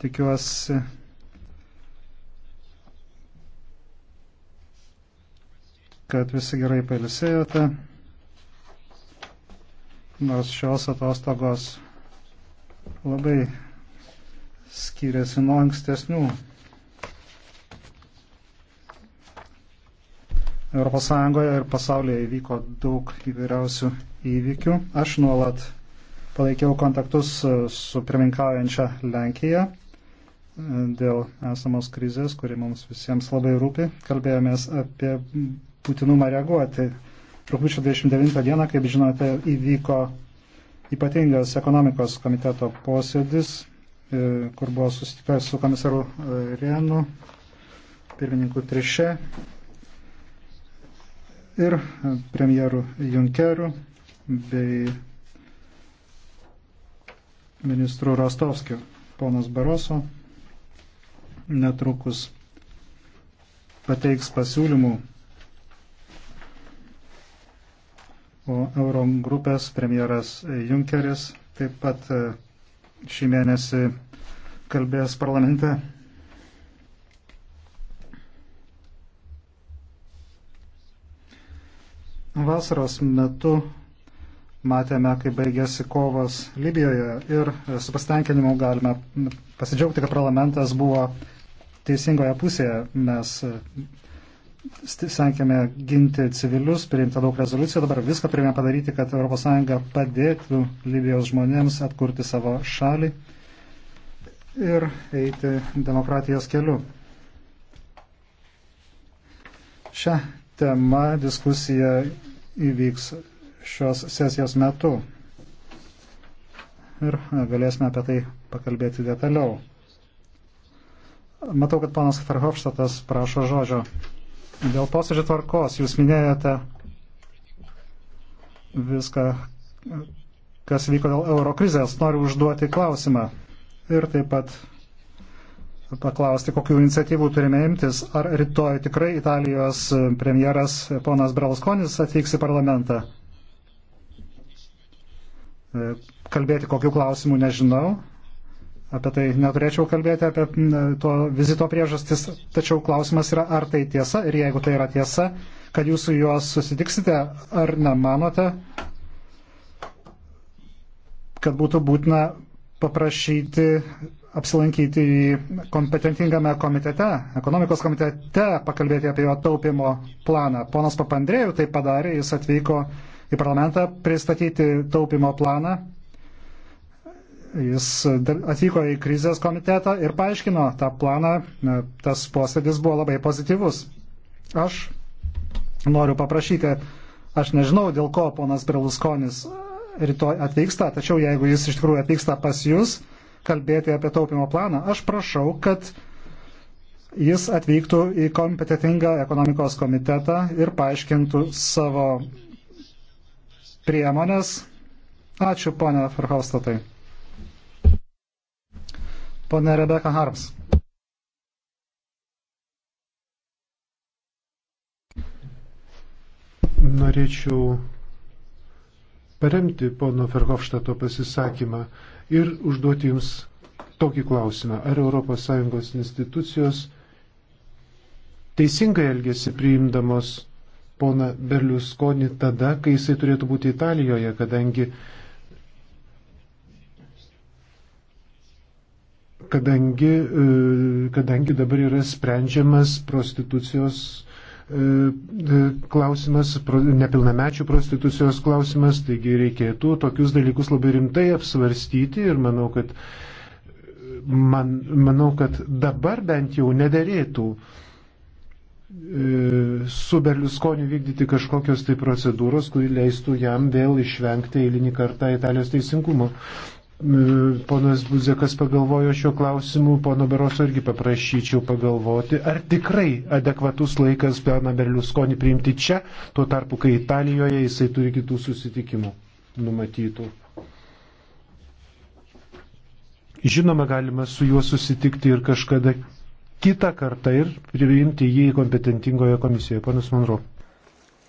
Tikiuosi, kad visi gerai pailsėjote, nors šios atostogos labai skiriasi nuo ankstesnių. ES ir pasaulyje įvyko daug įvairiausių įvykių. Aš nuolat palaikiau kontaktus su pirminkaujančia Lenkija dėl esamos krizės, kuri mums visiems labai rūpi. Kalbėjomės apie būtinumą reaguoti. Rūpiučio 29 dieną, kaip žinote, įvyko ypatingas ekonomikos komiteto posėdis, e, kur buvo susitikęs su komisaru e, Renu, pirmininku Triše ir e, premjeru Junkeriu bei ministru Rostovskiu, ponas Baroso, netrukus pateiks pasiūlymų, o Eurogrupės premjeras Junkeris taip pat e, šį mėnesį kalbės parlamente. Vasaros metu matėme, kaip baigėsi kovos Libijoje ir su pasitenkinimu galime pasidžiaugti, kad parlamentas buvo teisingoje pusėje. Mes e, sankėme ginti civilius, priimta daug rezoliucijų, dabar viską turime padaryti, kad ES padėtų Libijos žmonėms atkurti savo šalį ir eiti demokratijos keliu. Šią temą diskusija įvyks šios sesijos metu ir e, galėsime apie tai pakalbėti detaliau. Matau, kad panas Ferhofštatas prašo žodžio. Dėl posėdžio tvarkos jūs minėjote viską, kas vyko dėl euro krizės. Noriu užduoti klausimą ir taip pat paklausti, kokiu iniciatyvų turime imtis. Ar rytoj tikrai Italijos premjeras ponas Bralskonis atvyks į parlamentą? E, kalbėti kokiu klausimu nežinau apie tai neturėčiau kalbėti, apie to vizito priežastis, tačiau klausimas yra, ar tai tiesa ir jeigu tai yra tiesa, kad jūs su juos susitiksite, ar nemanote, kad būtų būtina paprašyti apsilankyti į kompetentingame komitete, ekonomikos komitete, pakalbėti apie jo taupimo planą. Ponas Papandrėjų tai padarė, jis atvyko į parlamentą pristatyti taupimo planą Jis e, atvyko į krizės komitetą ir paaiškino tą planą. E, tas posėdis buvo labai pozityvus. Aš noriu paprašyti, aš nežinau, dėl ko ponas Berlusconis e, rytoj atvyksta, tačiau jeigu jis iš tikrųjų atvyksta pas jūs kalbėti apie taupimo planą, aš prašau, kad jis atvyktų į kompetitingą ekonomikos komitetą ir paaiškintų savo priemonės. Ačiū, ponia Ferhaustatai. Pone Rebeka Harms. Norėčiau paremti pono Ferhofštato pasisakymą ir užduoti jums tokį klausimą. Ar ES institucijos teisingai elgesi priimdamos pona Berliusconi tada, kai jisai turėtų būti Italijoje, kadangi uh, kadangi, e, kadangi dabar yra sprendžiamas prostitucijos e, e, klausimas, nepilnamečių prostitucijos klausimas, taigi reikėtų tokius dalykus labai rimtai apsvarstyti ir manau, kad, man, manau, kad dabar bent jau nederėtų su Berlusconiu vykdyti kažkokios tai procedūros, kuri leistų jam vėl išvengti eilinį kartą Italijos teisingumo. Ponas Buzekas pagalvojo šiuo klausimu, pono Beroso irgi paprašyčiau pagalvoti, ar tikrai adekvatus laikas Pianą Berliuskonį priimti čia, tuo tarpu, kai Italijoje jisai turi kitų susitikimų numatytų. Žinoma, galima su juo susitikti ir kažkada kitą kartą ir priimti jį kompetentingoje komisijoje. Panas Manro.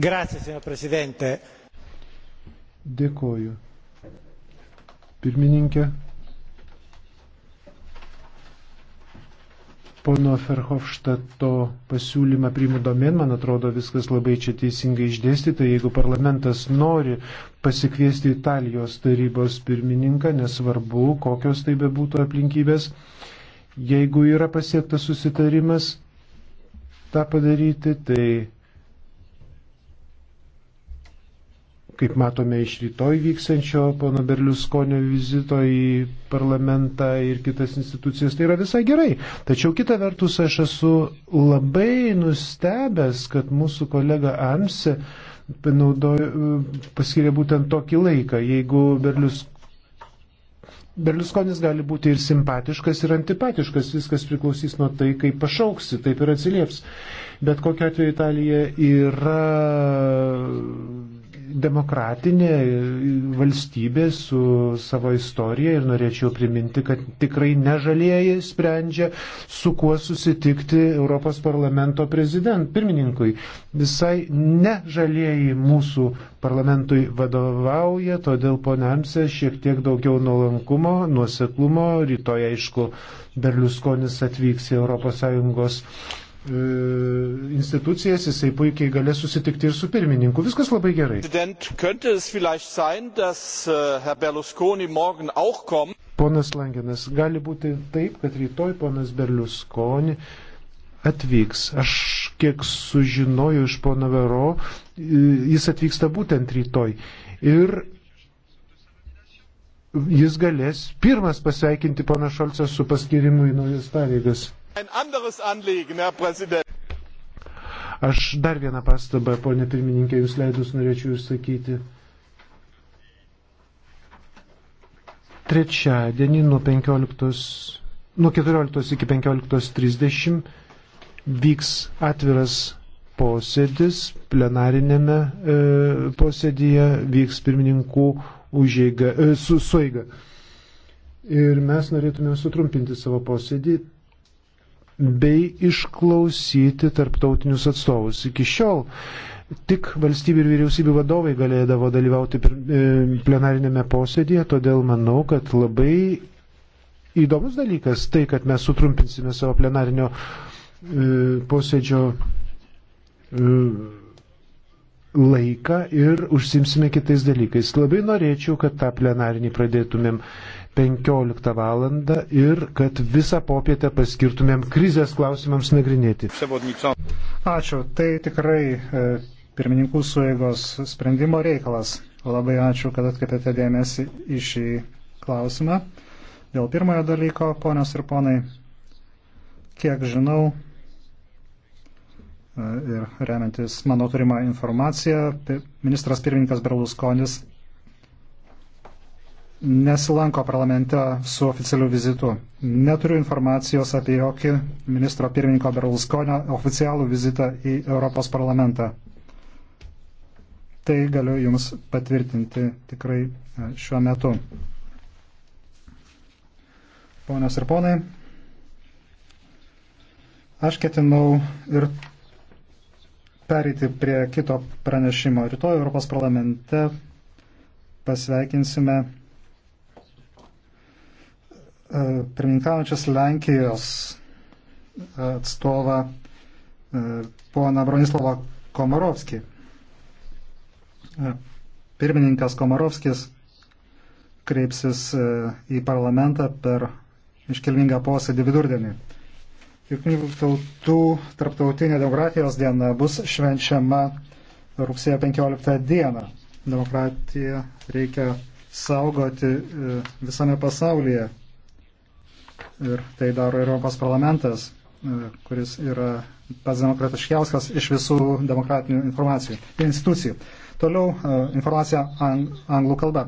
Grazie, signor Presidente. Dėkoju pirmininkė. Pono Ferhofštato pasiūlymą priimu domen, man atrodo viskas labai čia teisingai išdėstyta. Jeigu parlamentas nori pasikviesti Italijos tarybos pirmininką, nesvarbu, kokios tai bebūtų aplinkybės, jeigu yra pasiektas susitarimas tą padaryti, tai kaip matome iš rytoj vyksančio pono Berliuskonio vizito į parlamentą ir kitas institucijas, tai yra visai gerai. Tačiau kita vertus aš esu labai nustebęs, kad mūsų kolega Amse panaudojo, paskiria būtent tokį laiką. Jeigu Berlius, Berliuskonis gali būti ir simpatiškas, ir antipatiškas, viskas priklausys nuo tai, kaip pašauksi, taip ir atsilieps. Bet kokia atveju Italija yra demokratinė valstybė su savo istorija ir norėčiau priminti, kad tikrai nežalieji sprendžia, su kuo susitikti Europos parlamento prezident, pirmininkui. Visai nežalieji mūsų parlamentui vadovauja, todėl poniamse šiek tiek daugiau nuolankumo, nuoseklumo. Rytoj, aišku, Berliuskonis atvyks į ES E, institucijas, jisai puikiai galės susitikti ir su pirmininku. Viskas labai gerai. Äh, ponas Langenas, gali būti taip, kad rytoj ponas Berliuskoni atvyks. Aš kiek sužinojau iš pono Vero, jis atvyksta būtent rytoj. Ir jis galės pirmas pasveikinti poną Šolcą su paskirimu į naujas pareigas. Aš dar vieną pastabą, ponė pirmininkė, jūs leidus norėčiau išsakyti. Trečiadienį nuo, 15, nuo 14 iki 15.30 vyks atviras posėdis, plenarinėme e, posėdyje vyks pirmininkų užėga, e, su, suiga. Ir mes norėtume sutrumpinti savo posėdį bei išklausyti tarptautinius atstovus. Iki šiol tik valstybių ir vyriausybių vadovai galėdavo dalyvauti e, plenarinėme posėdėje, todėl manau, kad labai įdomus dalykas tai, kad mes sutrumpinsime savo plenarinio e, posėdžio e, laiką ir užsimsime kitais dalykais. Labai norėčiau, kad tą plenarinį pradėtumėm 15 val. ir kad visą popietę paskirtumėm krizės klausimams nagrinėti. Ačiū, tai tikrai e, pirmininkų suėgos sprendimo reikalas. Labai ačiū, kad atkreipėte dėmesį į šį klausimą. Dėl pirmojo dalyko, ponios ir ponai, kiek žinau e, ir remiantis mano turimą informaciją, ministras pirmininkas Berluskonis nesilanko parlamente su oficialiu vizitu. Neturiu informacijos apie jokį ministro pirmininko Berlusconio oficialų vizitą į Europos parlamentą. Tai galiu Jums patvirtinti tikrai e, šiuo metu. Ponios ir ponai, aš ketinau ir pereiti prie kito pranešimo. Rytoj Europos parlamente pasveikinsime E, pirmininkaujančios Lenkijos atstovą e, poną Bronislavą Komarovskį. E, pirmininkas Komarovskis kreipsis į parlamentą per iškilmingą posėdį vidurdienį. Jungtinių tautų tarptautinė demokratijos diena bus švenčiama rugsėjo 15 dieną. Demokratiją reikia saugoti visame pasaulyje Ir tai daro Europos parlamentas, e, kuris yra pats demokratiškiauskas iš visų demokratinių informacijų, institucijų. Toliau e, informacija anglų kalba.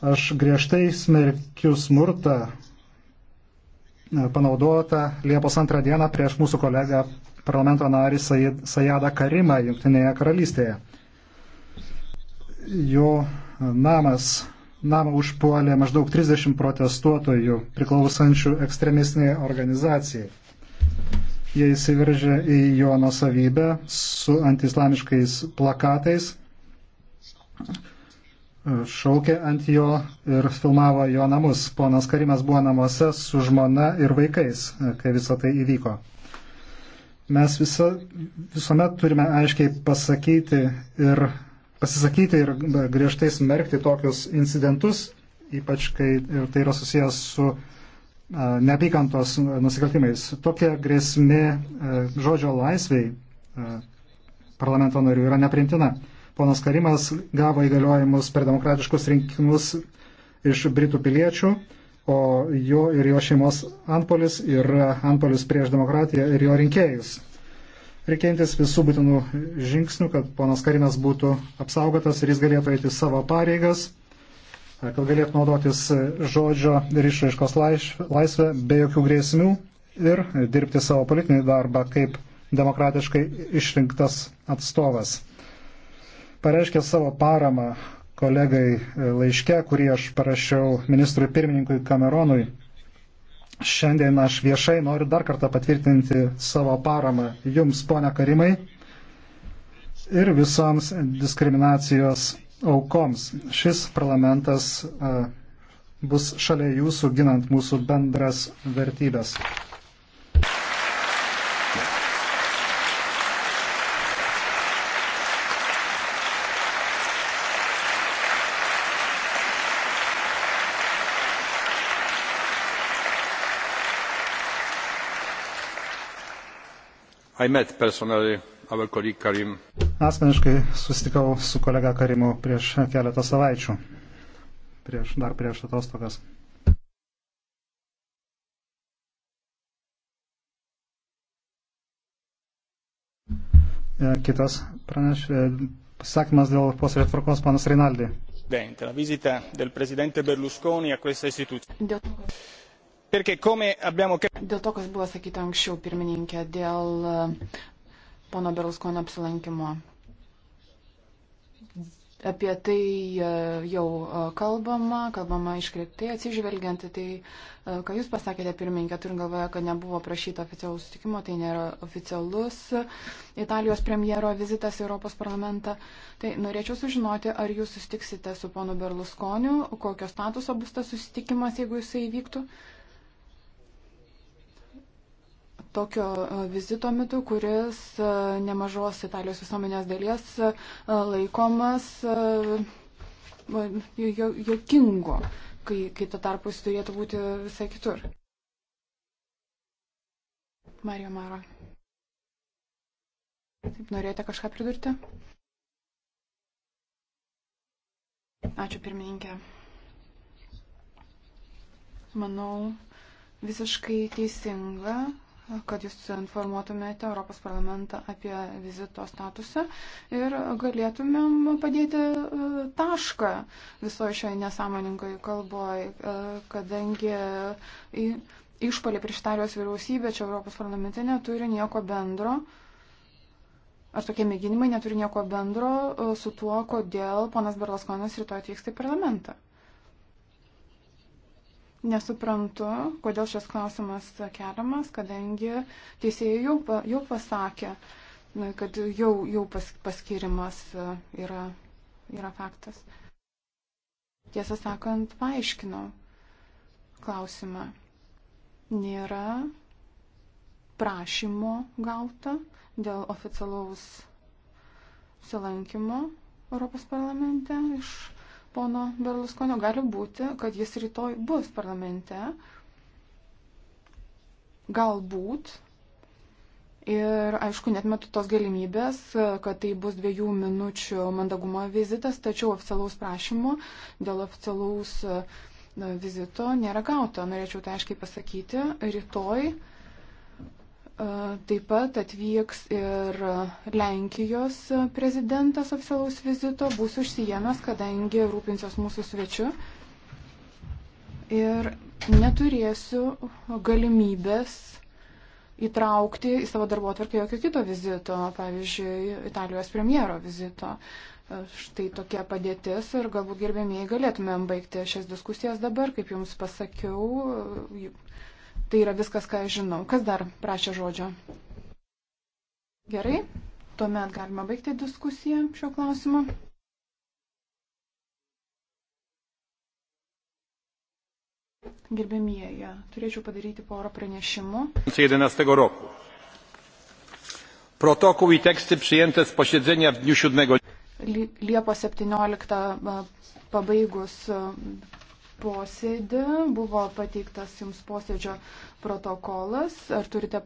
Aš griežtai smerkiu smurtą e, panaudotą Liepos antrą dieną prieš mūsų kolegą parlamento narį Sajadą Karimą Junktinėje karalystėje. Jo namas namą užpuolė maždaug 30 protestuotojų priklausančių ekstremistiniai organizacijai. Jie įsiveržė į jo nusavybę su antislamiškais plakatais, šaukė ant jo ir filmavo jo namus. Ponas Karimas buvo namuose su žmona ir vaikais, kai visa tai įvyko. Mes visa, visuomet turime aiškiai pasakyti ir pasisakyti ir e, griežtai smerkti tokius incidentus, ypač kai tai yra susijęs su e, neapykantos nusikaltimais. Tokia grėsmė e, žodžio laisviai parlamento narių yra neprintina. Ponas Karimas gavo įgaliojimus per demokratiškus rinkimus iš Britų piliečių, o jo ir jo šeimos antpolis yra antpolis prieš demokratiją ir jo rinkėjus. Reikėjantis visų būtinų žingsnių, kad ponas Karinas būtų apsaugotas ir jis galėtų eiti savo pareigas, kad galėtų naudotis žodžio ir išraiškos laisvę be jokių grėsmių ir dirbti savo politinį darbą kaip demokratiškai išrinktas atstovas. Pareiškė savo paramą kolegai laiške, kurį aš parašiau ministrui pirmininkui Kameronui Šiandien aš viešai noriu dar kartą patvirtinti savo paramą jums, ponia Karimai, ir visoms diskriminacijos aukoms. Šis parlamentas bus šalia jūsų ginant mūsų bendras vertybės. Asmeniškai susitikau su kolega Karimu prieš keletą savaičių, prieš, dar prieš atostogas. E, kitas pranešė, e, pasakymas dėl posėdžio tvarkos, panas Rinaldi. Dėl Perché come abbiamo... Dėl to, kas buvo sakyta anksčiau, pirmininkė, dėl e, pono Berluskonio apsilankimo. Apie tai e, jau e, kalbama, kalbama iškreiptai atsižvelgiant į tai, ką jūs pasakėte pirmininkė, turint galvoje, kad nebuvo prašyta oficialus sutikimo, tai nėra oficialus Italijos premjero vizitas į Europos parlamentą. Tai norėčiau sužinoti, ar jūs susitiksite su ponu Berluskoniu, kokio statuso bus tas susitikimas, jeigu jisai įvyktų. Uh, tokio e, vizito metu, kuris e, nemažos Italijos visuomenės dalies e, laikomas jokingu, kai, kai to tarpus turėtų būti visai kitur. Marija Mara. Taip, norėjote kažką pridurti? Ačiū pirmininkė. Manau, visiškai teisinga kad jūs informuotumėte Europos parlamentą apie vizito statusą ir galėtumėm padėti e, tašką visoje šioje nesąmoningoje kalboje, e, kadangi išpolė prieš Italijos vyriausybę čia Europos parlamente neturi nieko bendro. Ar tokie mėginimai neturi nieko bendro e, su tuo, kodėl ponas Berlaskonas rytoj atvyksta į parlamentą? Nesuprantu, kodėl šis klausimas keliamas, kadangi teisėjai jau, jau pasakė, kad jau, jau pas, paskirimas e, yra, yra faktas. Tiesą sakant, paaiškino klausimą. Nėra prašymo gauta dėl oficialaus silankimo Europos parlamente iš pono Berlusconio, gali būti, kad jis rytoj bus parlamente. Galbūt. Ir aišku, net metu tos galimybės, kad tai bus dviejų minučių mandagumo vizitas, tačiau oficialaus prašymo dėl oficialaus e, vizito nėra gauta. Norėčiau tai aiškiai pasakyti. Rytoj uh, E, taip pat atvyks ir Lenkijos prezidentas oficialaus vizito, bus užsijėmęs, kadangi rūpinsios mūsų svečiu. Ir neturėsiu galimybės įtraukti į savo darbo atvarkę jokio kito vizito, pavyzdžiui, Italijos premjero vizito. E, štai tokia padėtis ir galbūt gerbėmiai galėtumėm baigti šias diskusijas dabar, kaip jums pasakiau, Tai yra viskas, ką aš žinau. Kas dar prašė žodžio? Gerai, tuomet galima baigti diskusiją šio klausimu. Gerbėmieji, turėčiau padaryti porą pranešimų. 11 roku. Protokół i teksty przyjęte z posiedzenia w dniu 7 Liepos 17 e, pabaigus e, posėdį, buvo pateiktas jums posėdžio protokolas. Ar turite